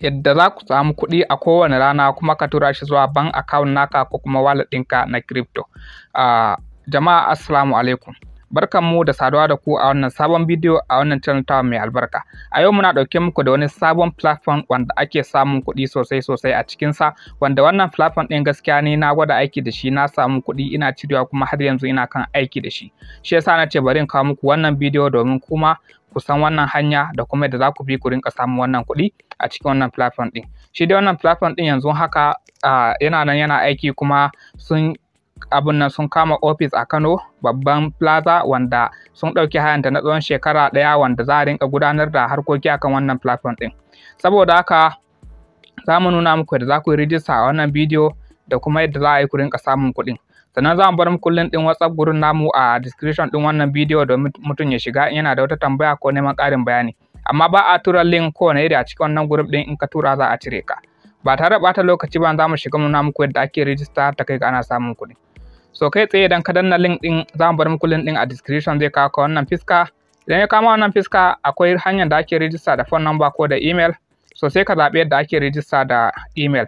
yadda za ku samu kuɗi a kowane rana kuma ka tura shi zuwa bank account naka ko kuma wallet ɗinka na crypto. Ah, jama'a assalamu alaikum. Barkan mu da saduwa da ku a wannan sabon bidiyo a wannan channel ta mai albarka. A yau muna ɗauke muku da wani sabon platform wanda ake samun kuɗi sosai sosai a cikinsa wanda wannan platform ɗin gaskiya ne na gwada aiki da shi na samu kuɗi ina cirewa kuma har yanzu ina kan aiki da shi. Shi yasa na ce bari in kawo muku wannan bidiyo domin kuma ku san wannan hanya da kuma yadda za ku bi ku rinka samun wannan kuɗi a cikin wannan platform ɗin shi dai wannan platform ɗin yanzu haka yana nan yana aiki kuma sun abun nan sun kama ofis a Kano babban plaza wanda sun ɗauki hayanta na tsawon shekara ɗaya wanda za a rinka gudanar da harkoki akan wannan platform ɗin saboda haka za mu nuna muku yadda za ku yi rijista a wannan bidiyo da kuma yadda za a yi ku rinka samun kuɗin sannan za mu bar muku link ɗin whatsapp gurin namu a description din wannan bidiyo domin mutum ya shiga in yana da wata tambaya ko neman ƙarin bayani amma ba a tura link kowane iri a cikin wannan group din in ka tura za a cire ka ba tare da ɓata lokaci ba za mu shiga namu ku yadda ake rijista ta kai ana samun kuɗi so kai tsaye idan ka danna link ɗin za mu bar muku link ɗin a description zai kawo ka wannan fiska idan ya kama wannan fiska akwai hanyar da ake rijista da phone number ko da email so sai ka zaɓi yadda ake rijista da email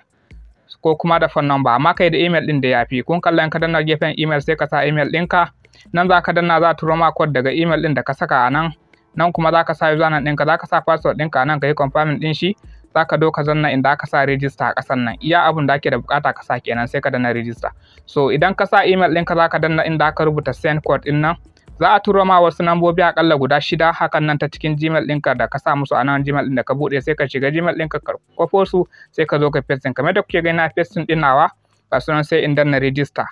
ko kuma da phone number amma kai da email din da yafi kun kallon ka danna gefen email sai ka sa email ɗinka nan za ka danna za turo ma code daga email din da ka saka a nan nan kuma za ka sa username ɗinka za ka sa password ɗinka a nan ka yi confirming ɗin shi za ka doka zanna inda aka sa register a ƙasan nan iya abun da ake da bukata ka sa kenan sai ka danna register so idan ka sa email ɗinka za ka danna inda aka rubuta send code ɗin nan za a turo ma wasu nambobi akalla guda shida hakan nan ta cikin gmail ɗinka da ka sa musu a nan gmail ɗin da ka buɗe sai ka shiga gmail ɗinka ka kwafo su sai ka zo ka fesin kamar da kuke gani na fesin ɗin nawa ga sunan sai in danna register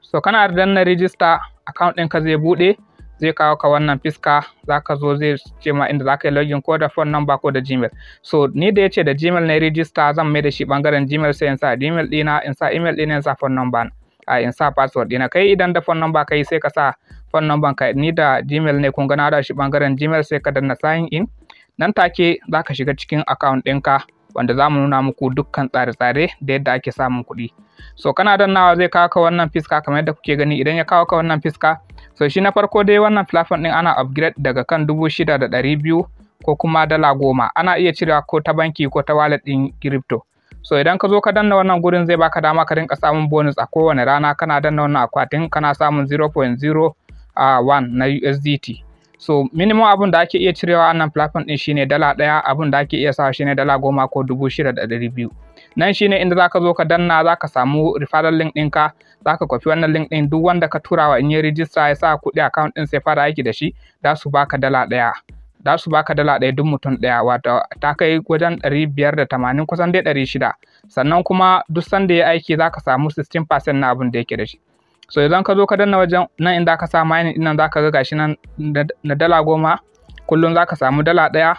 so kana da danna register account ɗinka zai buɗe zai kawo ka wannan fiska za ka zo zai ce ma inda za ka yi login ko da phone number ko da gmail so ni da ya ce da gmail na register zan mai da shi bangaren gmail sai in sa gmail ɗina in sa email ɗina in sa phone number a in sa password dina kai idan da phone number kai sai ka sa phone number ka ni da gmail ne kun ga na da shi bangaren gmail sai ka danna sign in nan take za ka shiga cikin account ɗinka wanda za mu nuna muku dukkan tsare-tsare da yadda ake samun kuɗi so kana dannawa zai kawo ka wannan fiska kamar yadda kuke gani idan ya kawo ka wannan fiska so shi na farko dai wannan platform ɗin ana upgrade daga kan dubu shida da ɗari biyu ko kuma dala goma ana iya cirewa ko ta banki ko ta wallet ɗin crypto so idan ka zo ka danna wannan gurin zai baka dama ka rinka samun bonus a kowane rana kana danna wannan akwatin kana samun 0.01 na USDT so minimum abun da ake iya cirewa wannan platform din shine dala ɗaya abun da ake iya sawa shine dala goma ko dubu shida da ɗari biyu nan shine inda zaka zo ka danna zaka samu referral link ɗinka zaka kwafi wannan link ɗin duk wanda ka turawa in ya register ya sa kuɗi account ɗin sai fara aiki da shi za su baka dala ɗaya za su baka dala ɗaya duk mutum ɗaya wato ta kai wajen ɗari biyar da tamanin kusan dai ɗari shida sannan kuma duk sanda ya aiki za ka samu 16% na abin da yake da shi so idan ka zo ka danna wajen nan inda ka sa mining ɗin nan za ka ga gashi nan na dala goma kullum za ka samu dala ɗaya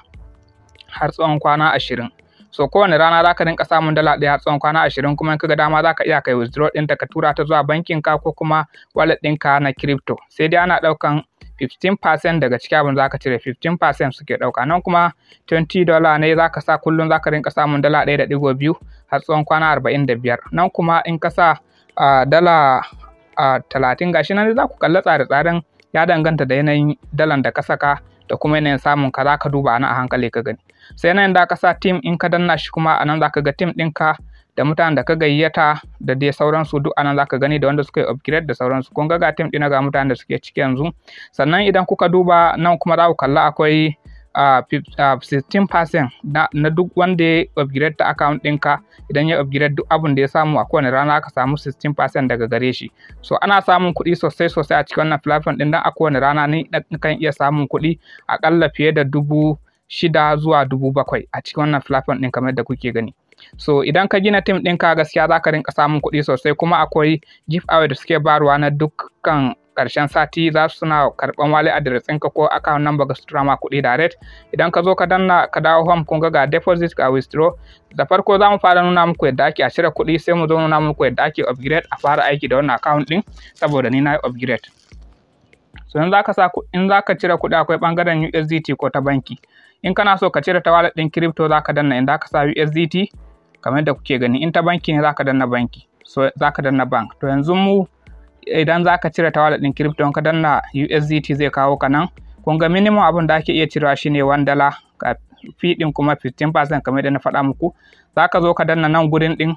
har tsawon kwana ashirin so kowane rana za ka rinka samun dala ɗaya tsawon kwana ashirin kuma in ka ga dama za ka iya kai withdraw ɗinta ka tura ta zuwa bankinka ko kuma wallet ɗinka na crypto sai dai ana ɗaukan 15% daga ciki abin za ka cire 15% suke ɗauka nan kuma 20 dola ne za ka sa kullum za rinka samun dala ɗaya da biyu har tsawon kwana arba'in biyar nan kuma in ka sa dala talatin gashi nan za ku kalla tsare-tsaren ya danganta da yanayin dalan da ka saka da kuma yanayin samun ka za ka duba nan a hankali ka gani sai yanayin da ka sa tim in ka danna shi kuma a nan za ka ga tim ɗinka da mutanen da ka gayyata da dai sauransu duk anan zaka gani da wanda suka yi upgrade da sauransu kun ga ga team ɗina ga mutanen da suke ciki yanzu sannan idan kuka duba nan kuma za ku kalla akwai sixteen percent na, duk wanda ya upgrade ta account ɗinka idan ya upgrade duk abin da ya samu a kowane rana ka samu percent daga gare shi so ana samun kuɗi sosai sosai a cikin wannan platform ɗin dan a kowane rana ni kan iya samun kuɗi aƙalla fiye da dubu shida zuwa dubu bakwai a cikin wannan platform ɗin kamar da kuke gani so idan ka gina tim ɗinka gaskiya za ka rinka samun kuɗi sosai kuma akwai gift away da suke barwa na dukkan ƙarshen sati za su suna karɓan wale address ɗinka ko account number ga sutura ma kuɗi direct idan ka zo ka danna ka dawo hom kun ga ga deposit ga withdraw da farko za mu fara nuna muku yadda ake a cire kuɗi sai mu zo nuna muku yadda ake upgrade a fara aiki da wannan akawun ɗin saboda ni na yi upgrade so in za in za ka cire kuɗi akwai ɓangaren USDT ko ta banki in kana so ka cire ta wallet din crypto zaka danna inda ka sa USDT kamar yadda kuke gani in ta banki ne zaka danna banki so zaka danna bank to yanzu mu idan zaka cire ta wallet din crypto ka danna USDT zai kawo ka nan kun ga minimum abin da ake iya cirewa shine 1 dala fi ɗin kuma 15% kamar yadda na faɗa muku zaka zo ka danna nan gurin ɗin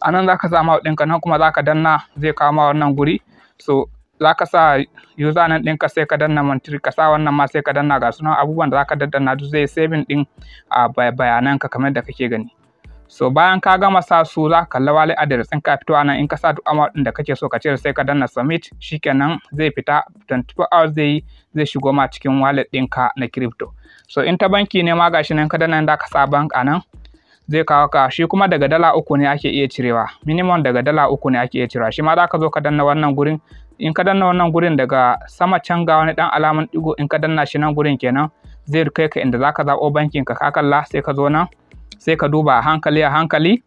a nan za ka samu ɗinka nan kuma za ka danna zai kawo ma wannan guri so za ka sa user nan ka sai ka danna mantri ka sa wannan ma sai ka danna ga sunan abubuwan da za ka daddanna duk zai saving ɗin a bayanan ka kamar da kake gani so bayan ka gama sa su za ka kalli wallet address din ka fito nan in ka sa duk amount din da kake so ka cire sai ka danna submit shikenan zai fita 24 hours zai yi zai shigo ma cikin wallet ka na crypto so in ta banki ne ma gashi nan ka danna da ka sa bank anan nan zai kawo ka shi kuma daga dala uku ne ake iya cirewa minimum daga dala uku ne ake iya cirewa shi ma za ka zo ka danna wannan gurin in ka danna wannan gurin daga sama can ga wani dan alaman digo in ka danna shi nan gurin kenan zai kai ka inda zaka zabo bankin ka ka kalla sai ka zo nan sai ka duba hankali a hankali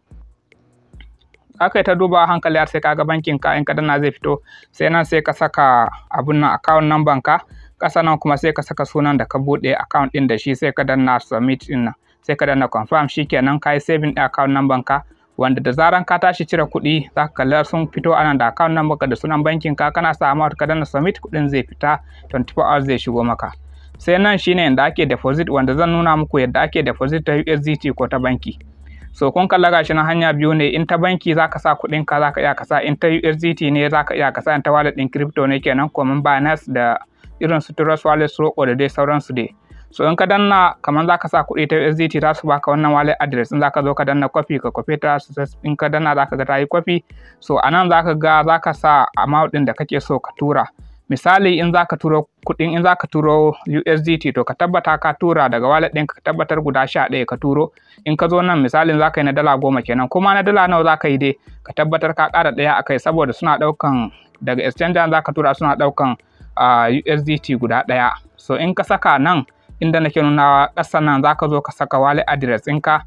aka yi ta duba hankali har sai ka ga bankin ka in ka danna zai fito sai nan sai ka saka abun nan account number ka ƙasa nan kuma sai ka saka sunan da ka buɗe account ɗin da shi sai ka danna submit din nan sai ka danna confirm shikenan ka saving ɗin account number ka wanda da zaran ka tashi cire kuɗi za ka kalli sun fito anan da account number ka da sunan bankin ka kana sa amount ka dana submit kuɗin zai fita 24 hours zai shigo maka sai nan shine yadda ake deposit wanda zan nuna muku yadda ake deposit ta USDT ko ta banki so kun kalla gashi na hanya biyu ne in ta banki za ka sa kuɗin ka ka iya kasa in ta USDT ne za ka iya kasa in ta wallet din crypto ne kenan kuma Binance da irin su Trust Wallet Roco da dai sauransu dai so in ka danna kamar zaka sa kuɗi ta USDT za su baka wannan wallet address in zaka zo ka danna copy ka copy ta in ka danna zaka ga ta yi copy so anan zaka ga zaka sa amount din da kake so ka tura misali in zaka turo kuɗin in zaka turo USDT to ka tabbata ka tura daga wallet ɗinka ka tabbatar guda sha ɗaya ka turo in ka zo nan misalin zaka yi na dala goma kenan kuma na dala nawa zaka yi dai ka tabbatar ka ƙara ɗaya akai saboda suna ɗaukan daga exchanger zaka tura suna ɗaukan uh, USDT guda ɗaya so in ka saka nan inda nake nunawa ƙasar nan za ka zo ka saka wallet address ɗinka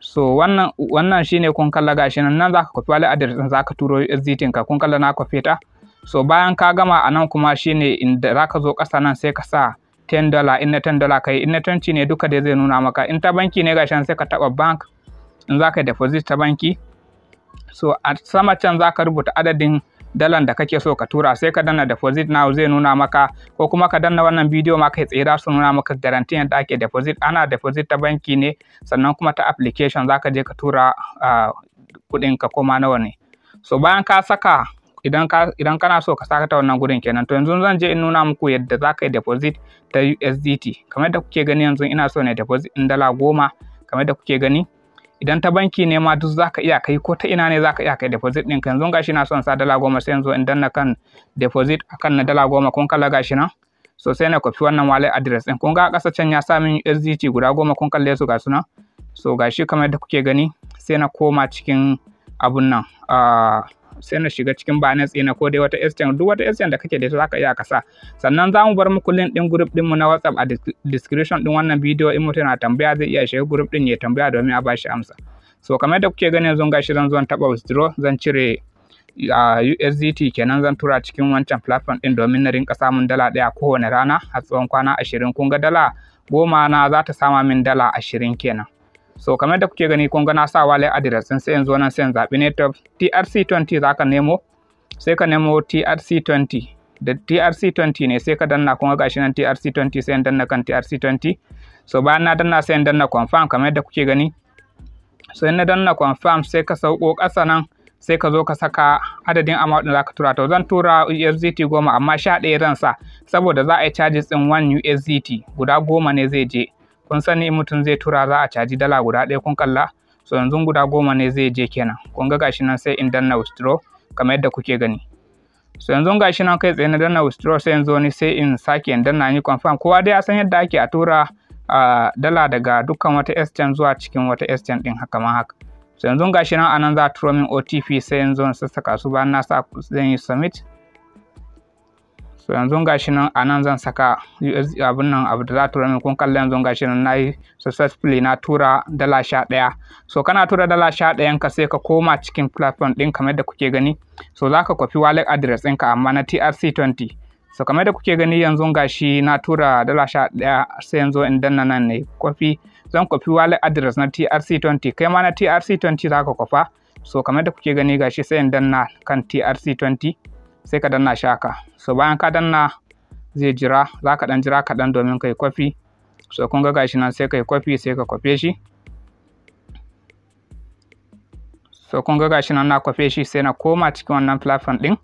so wannan wannan shine kun kalla gashi nan nan zaka kwafi wallet address ɗin zaka turo USDT ka kun kalla na kwafi ta so bayan ka gama a nan kuma shine inda zaka zo ƙasa nan sai ka sa ten dollar in na ten dollar kai in na twenty ne duka dai zai nuna maka in ta banki ne gashi nan sai ka taɓa bank in zaka deposit ta banki so a sama can zaka rubuta adadin dalan da kake so ka tura sai ka danna deposit now zai nuna maka ko kuma ka danna wannan bidiyo ma kai tsaye su nuna maka garantin yadda ake deposit ana deposit ta banki ne sannan kuma ta application zaka ka je ka tura kudin ka koma nawa ne so bayan ka saka idan ka idan kana so ka saka ta wannan gurin kenan to yanzu zan je in nuna muku yadda za ka yi deposit ta USDT kamar da kuke gani yanzu ina so ne deposit in dala goma kamar da kuke gani idan ta banki ne ma duk zaka iya kai ko ta ina ne zaka iya kai deposit ɗin yanzu gashi na son sa dala goma sai yanzu in danna kan deposit akan na dala goma kun kalla gashi nan so sai na kofi wannan wallet address ɗin kun ga ƙasa can ya sa min SDT guda goma kun kalle su ga suna so gashi kamar da kuke gani sai na koma cikin abun nan ah, sai na shiga cikin Binance ina ko dai wata exchange duk wata exchange da kake da ita zaka iya ka sa sannan za mu bar muku link din group din mu na WhatsApp a description din wannan bidiyo in mutum na tambaya zai iya shiga group din ya tambaya domin a bashi amsa so kamar da kuke gani yanzu gashi zan zo taba withdraw zan cire a USDT kenan zan tura cikin wancan platform din domin na rinka samun dala ɗaya kowane rana a tsawon kwana ashirin kun ga dala goma na za ta sama min dala ashirin kenan so kamar da kuke gani kun ga na sa wallet address din sai yanzu nan sai zaɓi network TRC20 za ka nemo sai ka nemo TRC20 da TRC20 ne sai ka danna kun ga gashi nan TRC20 sai danna kan TRC20 so bayan na danna sai danna confirm kamar da kuke gani so in na danna confirm sai ka sauko ƙasa nan sai ka zo ka saka adadin amount da ka tura to zan tura USDT goma amma sha ran zan sa saboda za a yi charges ɗin 1 USDT guda goma ne zai je kun sani in mutum zai tura za a caji dala guda ɗaya kun kalla so yanzu guda goma ne zai je kenan kun ga gashi nan sai in danna withdraw kamar yadda kuke gani so yanzu gashi nan kai tsaye na danna withdraw sai yanzu wani sai in sake in danna ni confirm kowa dai ya san yadda ake a tura a dala daga dukkan wata exchange zuwa cikin wata exchange din haka ma haka so yanzu gashi nan anan za a turo min OTP sai yanzu in sassaka su ba na sa zan yi submit so yanzu gashi nan a nan zan saka us eh, abin nan abu da za tura min kun kalla yanzu gashi nan nayi successfully na tura dala sha ɗaya so kana tura dala sha ɗayan ka sai ka koma cikin platform ɗin kamar da kuke gani so za ka kwafi wallet address ɗinka amma na trc20 so kamar da kuke gani yanzu gashi na tura dala sha ɗaya sai yanzu in danna nan ne kwafi zan kwafi wallet address na trc20 kai ma na trc20 za ka kwafa so kamar da kuke gani gashi sai in danna kan trc20 sai ka danna shaka, haka so bayan ka danna zai jira za ka ɗan jira kaɗan domin kai yi kwafi so kun ga gashi nan sai ka yi kwafi sai ka kwafe shi so kun ga gashi nan na kwafe shi sai na koma cikin wannan platform ɗin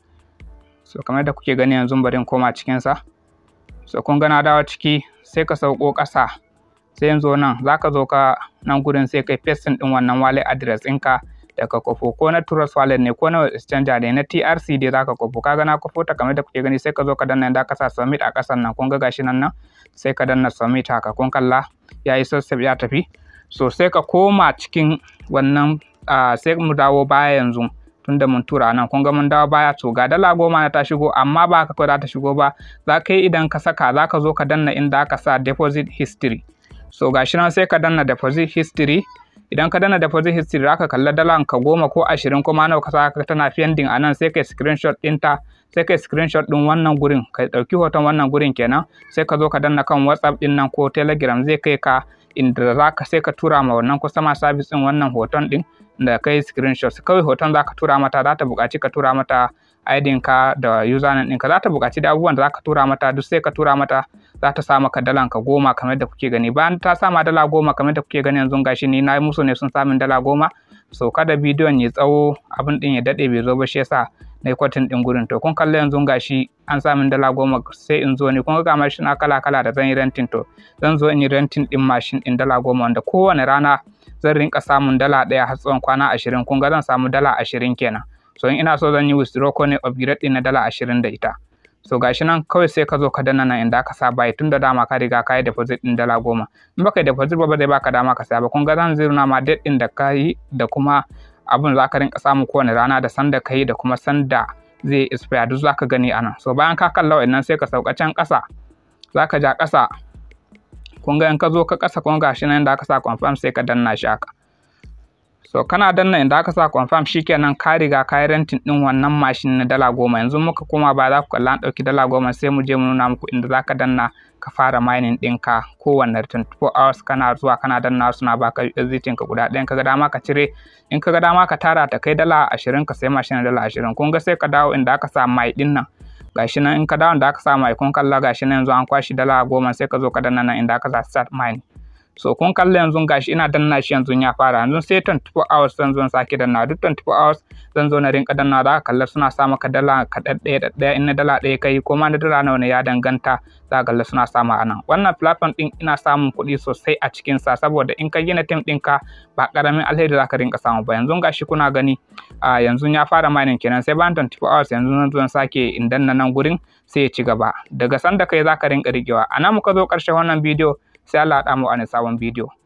so kamar da kuke gani yanzu barin in koma cikinsa so kun ga na dawo ciki sai ka sauko ƙasa sai yanzu nan za ka zo ka nan gurin sai kai pasting ɗin wannan wallet address ɗinka daga kwafo ko na Trust Wallet ne ko na exchanger ne na TRC dai zaka kwafo kaga na kwafo ta kamar da kuke gani sai ka zo ka danna inda ka sa submit a kasan nan kun ga gashi nan nan sai ka danna submit haka kun kalla yayi sosai ya tafi so sai ka koma cikin wannan sai mu dawo baya yanzu tunda mun tura nan kun ga mun dawo baya to ga dala goma na ta shigo amma ba ka kawai za ta shigo ba za ka yi idan ka saka za ka zo ka danna inda aka sa deposit history so gashi nan sai ka danna deposit history idan ka dana deposit history zaka kalla dalan ka goma ko ashirin kuma nawa ka saka tana pending a nan sai kai screenshot ɗinta sai kai screenshot ɗin wannan gurin ka ɗauki hoton wannan gurin kenan sai ka zo ka danna kan whatsapp ɗin nan ko telegram zai kai ka inda za ka sai ka tura ma wannan customer service ɗin wannan hoton ɗin da kai screenshot kawai hoton za ka tura mata za ta buƙaci ka tura mata ID ka da username ɗinka za ta buƙaci da abubuwan da za ka tura mata duk sai ka tura mata za ta sa maka dalan ka goma kamar da kuke gani bayan ta sa ma dala goma kamar da kuke gani yanzu gashi ni na yi musu ne sun samun dala goma so kada bidiyon ya tsawo abin ɗin ya dade bai zo ba shi yasa na yi kwatin ɗin gurin to kun kalla yanzu gashi an samun dala goma sai in zo ni kun ga mashin na kala kala da zan yi rentin to zan zo in yi rentin ɗin mashin ɗin dala goma wanda kowane rana zan rinka samun dala ɗaya har tsawon kwana ashirin kun ga zan samu dala ashirin kenan so in ina so zan yi withdraw ko ne upgrade din na dala ashirin da ita so gashi nan kawai sai ka zo ka danna nan inda aka sa tun tunda dama ka riga ka yi deposit din dala goma in baka yi deposit ba zai baka dama ka saya kun ga zan zero na ma date din da ka yi da kuma abun za ka rinka samu kowane rana da sanda ka yi da kuma sanda zai expire duk za ka gani a nan so bayan ka kalla wa'annan sai ka sauka can ƙasa za ka ja ƙasa kun ga in ka zo ka ƙasa kun gashi nan inda aka sa confirm sai ka danna shi aka. so kana danna inda aka sa confirm shikenan ka riga ka yi renting din wannan mashin na dala goma yanzu muka koma ba za ku kalla an ɗauki dala goma sai mu je mu nuna muku inda za ka danna ka fara mining ɗinka kowanne 24 hours kana zuwa kana danna suna baka exiting ka guda ɗayan kaga dama ka cire in kaga dama ka tara ta kai dala 20 ka sai mashin dala 20 kun ga sai ka dawo inda aka sa mai din nan gashi nan in ka dawo inda aka sa mai kun kalla gashi nan yanzu an kwashi dala goma sai ka zo ka danna nan inda aka sa start mining so kun kalla yanzu gashi ina danna shi yanzu ya fara yanzu sai 24 hours zan zo sake danna duk 24 hours zan zo na rinka danna za ka kalla suna sa maka dala kaɗan ɗaya ɗaya in na dala ɗaya kai ko ma na dala nawa ne ya danganta za ka kalla suna sama ma anan wannan platform din ina samun kuɗi sosai a cikin sa saboda in ka gina team ka ba karamin alheri za ka rinka samu ba yanzu gashi kuna gani a yanzu ya fara mining kenan sai bayan 24 hours yanzu zan zo sake in danna nan gurin sai ya ci gaba daga sanda kai za ka rinka rigewa a nan muka zo ƙarshen wannan bidiyo sai Allah haɗa mu a wani sabon bidiyo